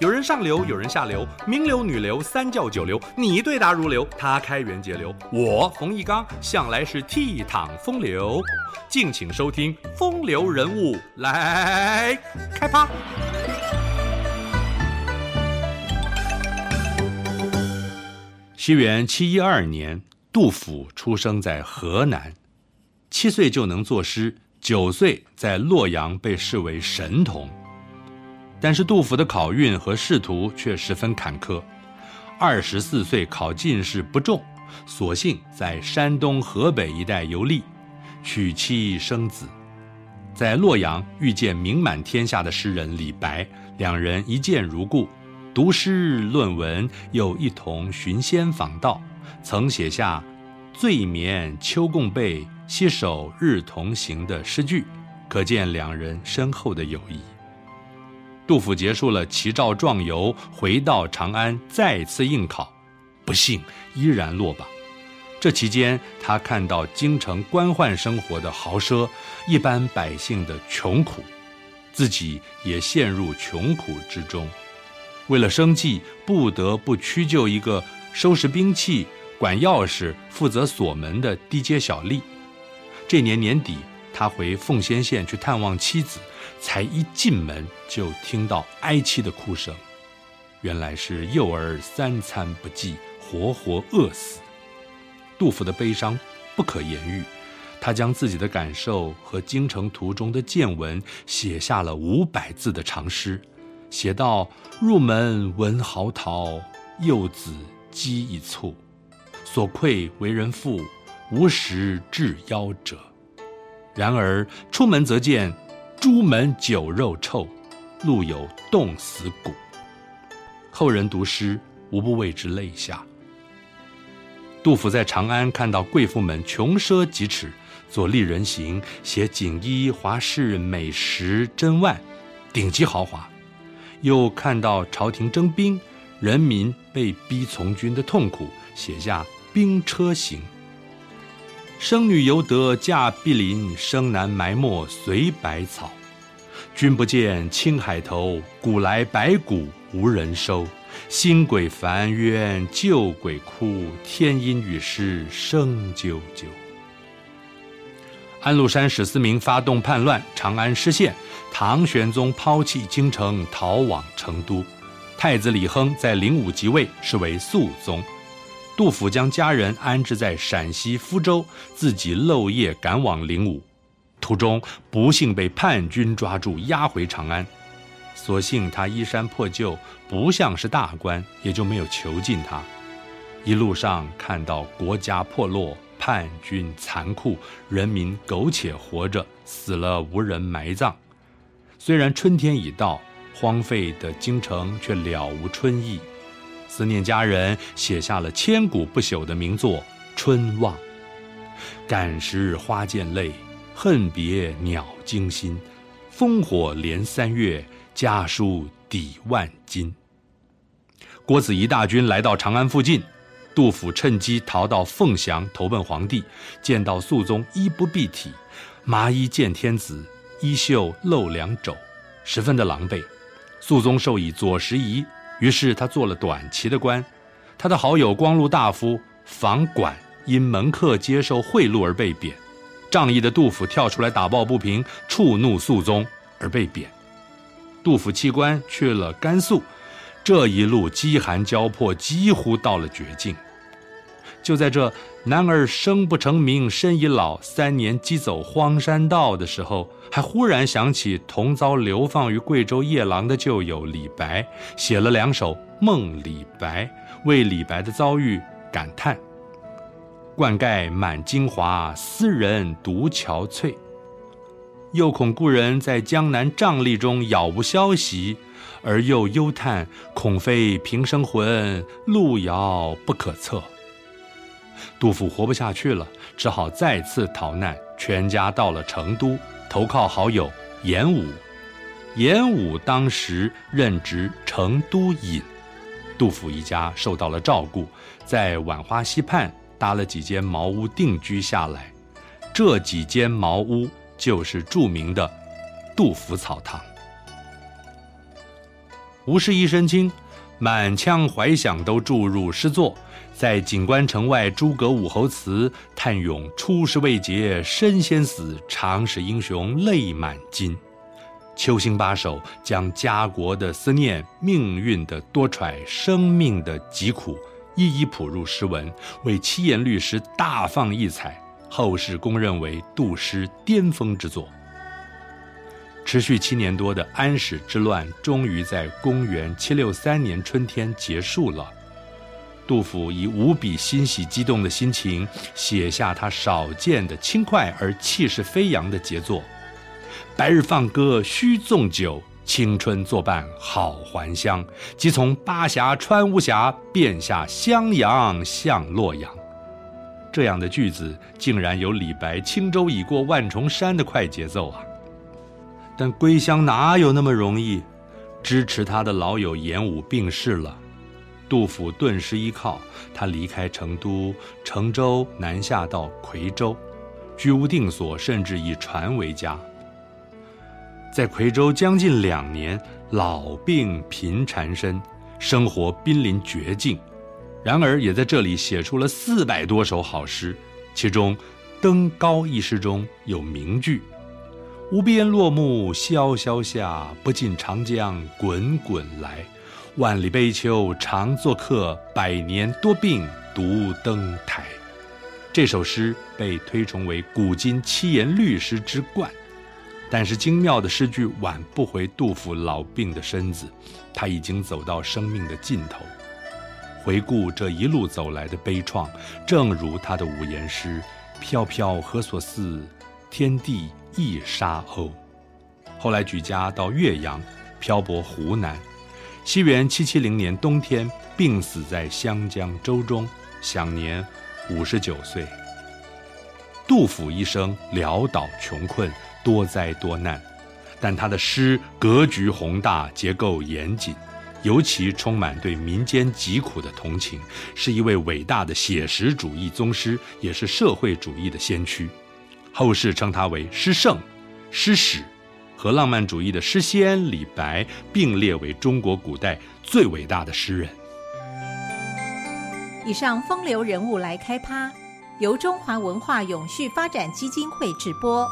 有人上流，有人下流，名流、女流、三教九流，你對答如流，他開源節流。我馮翊綱向來是倜儻風流，敬請收聽《風流人物》來開趴。西元七一二年，杜甫出生在河南，七歲就能作詩，九歲在洛陽被視為神童。但是杜甫的考運和仕途卻十分坎坷，二十四歲考進士不中，索性在山東、河北一帶遊歷，娶妻生子，在洛陽遇見名滿天下的詩人李白，兩人一見如故，讀詩論文，又一同尋仙訪道，曾寫下“醉眠秋共被，攜手日同行”的詩句，可見兩人深厚的友誼。杜甫結束了齊趙壯遊，回到長安，再次應考，不幸依然落榜。這期間，他看到京城官宦生活的豪奢，一般百姓的窮苦，自己也陷入窮苦之中。為了生計，不得不屈就一個收拾兵器、管鑰匙、負責鎖門的低階小吏。這年年底，他回奉先縣去探望妻子，才一進門就聽到哀戚的哭聲，原來是幼兒三餐不濟，活活餓死。杜甫的悲傷不可言喻，他將自己的感受和京城途中的見聞寫下了五百字的長詩，寫道：“入門聞號啕，幼子飢已卒，所愧為人父，無食致夭折。”然而出門則見，朱門酒肉臭，路有凍死骨。後人讀詩無不為之淚下。杜甫在長安看到貴婦們窮奢極侈，做《麗人行》寫錦衣華飾、美食珍玩，頂級豪華；又看到朝廷徵兵，人民被逼從軍的痛苦，寫下《兵車行》。生女猶得嫁比鄰，生男埋沒隨百草。君不見青海頭，古來白骨無人收。新鬼煩冤舊鬼哭，天陰雨濕聲啾啾。安祿山、史思明發動叛亂，長安失陷，唐玄宗拋棄京城，逃往成都。太子李亨在靈武即位，是為肅宗。杜甫將家人安置在陝西鄜州，自己漏夜趕往靈武，途中不幸被叛軍抓住，押回長安。所幸他衣衫破舊，不像是大官，也就沒有囚禁他。一路上看到國家破落，叛軍殘酷，人民苟且活着，死了無人埋葬。雖然春天已到，荒廢的京城卻了無春意。思念家人，寫下了千古不朽的名作《春望》：“感時花濺淚，恨別鳥驚心。烽火連三月，家書抵萬金。”郭子儀大軍來到長安附近，杜甫趁機逃到鳳翔投奔皇帝。見到肅宗衣不蔽體，麻衣見天子，衣袖露兩肘，十分的狼狽。肅宗授以左拾遺。於是他做了短期的官，他的好友光祿大夫房琯因門客接受賄賂而被貶，仗義的杜甫跳出來打抱不平，觸怒肅宗而被貶。杜甫棄官去了甘肅，這一路飢寒交迫，幾乎到了絕境。就在這男兒生不成名身已老，三年饑走荒山道的時候，還忽然想起同遭流放於貴州夜郎的舊友李白，寫了兩首《夢李白》，為李白的遭遇感嘆。冠蓋滿京華，斯人獨憔悴。又恐故人在江南，瘴癘中杳無消息，而又幽嘆，恐非平生魂，路遙不可測。杜甫活不下去了，只好再次逃難，全家到了成都，投靠好友嚴武。嚴武當時任職成都尹，杜甫一家受到了照顧，在浣花溪畔搭了幾間茅屋定居下來。這幾間茅屋就是著名的杜甫草堂。無事一身輕，滿腔懷想都注入詩作。在錦官城外諸葛武侯祠探勇，嘆詠出師未捷身先死，長使英雄淚滿襟。秋興八首將家國的思念、命運的多舛、生命的疾苦一一譜入詩文，為七言律詩大放異彩，後世公認為杜詩巔峰之作。持續七年多的安史之亂終於在公元763年春天結束了。杜甫以無比欣喜激動的心情寫下他少見的輕快而氣勢飛揚的傑作：“白日放歌須縱酒，青春作伴好還鄉。即從巴峽穿巫峽，便下襄陽向洛陽。”這樣的句子竟然有李白“輕舟已過萬重山”的快節奏啊！但歸鄉哪有那麼容易？支持他的老友嚴武病逝了。杜甫頓失依靠，他離開成都，乘舟南下到夔州，居無定所，甚至以船為家。在夔州將近兩年，老病頻纏身，生活瀕臨絕境，然而也在這裡寫出了四百多首好詩，其中《登高》一詩中有名句：“無邊落木蕭蕭下，不盡長江滾滾來。”萬里悲秋常作客，百年多病獨登臺。這首詩被推崇為古今七言律詩之冠，但是精妙的詩句輓不回杜甫老病的身子，他已經走到生命的盡頭。回顧這一路走來的悲愴，正如他的五言詩：“飄飄何所似，天地一沙鷗。”後來舉家到岳陽，漂泊湖南。西元七七零年冬天，病死在湘江舟中，享年五十九歲。杜甫一生潦倒窮困，多災多難，但他的詩格局宏大，結構嚴謹，尤其充滿對民間疾苦的同情，是一位偉大的寫實主義宗師，也是社會主義的先驅。後世稱他為“詩聖”“詩史”。和浪漫主義的詩仙李白，並列為中國古代最偉大的詩人。以上風流人物來開趴，由中華文化永續發展基金會直播。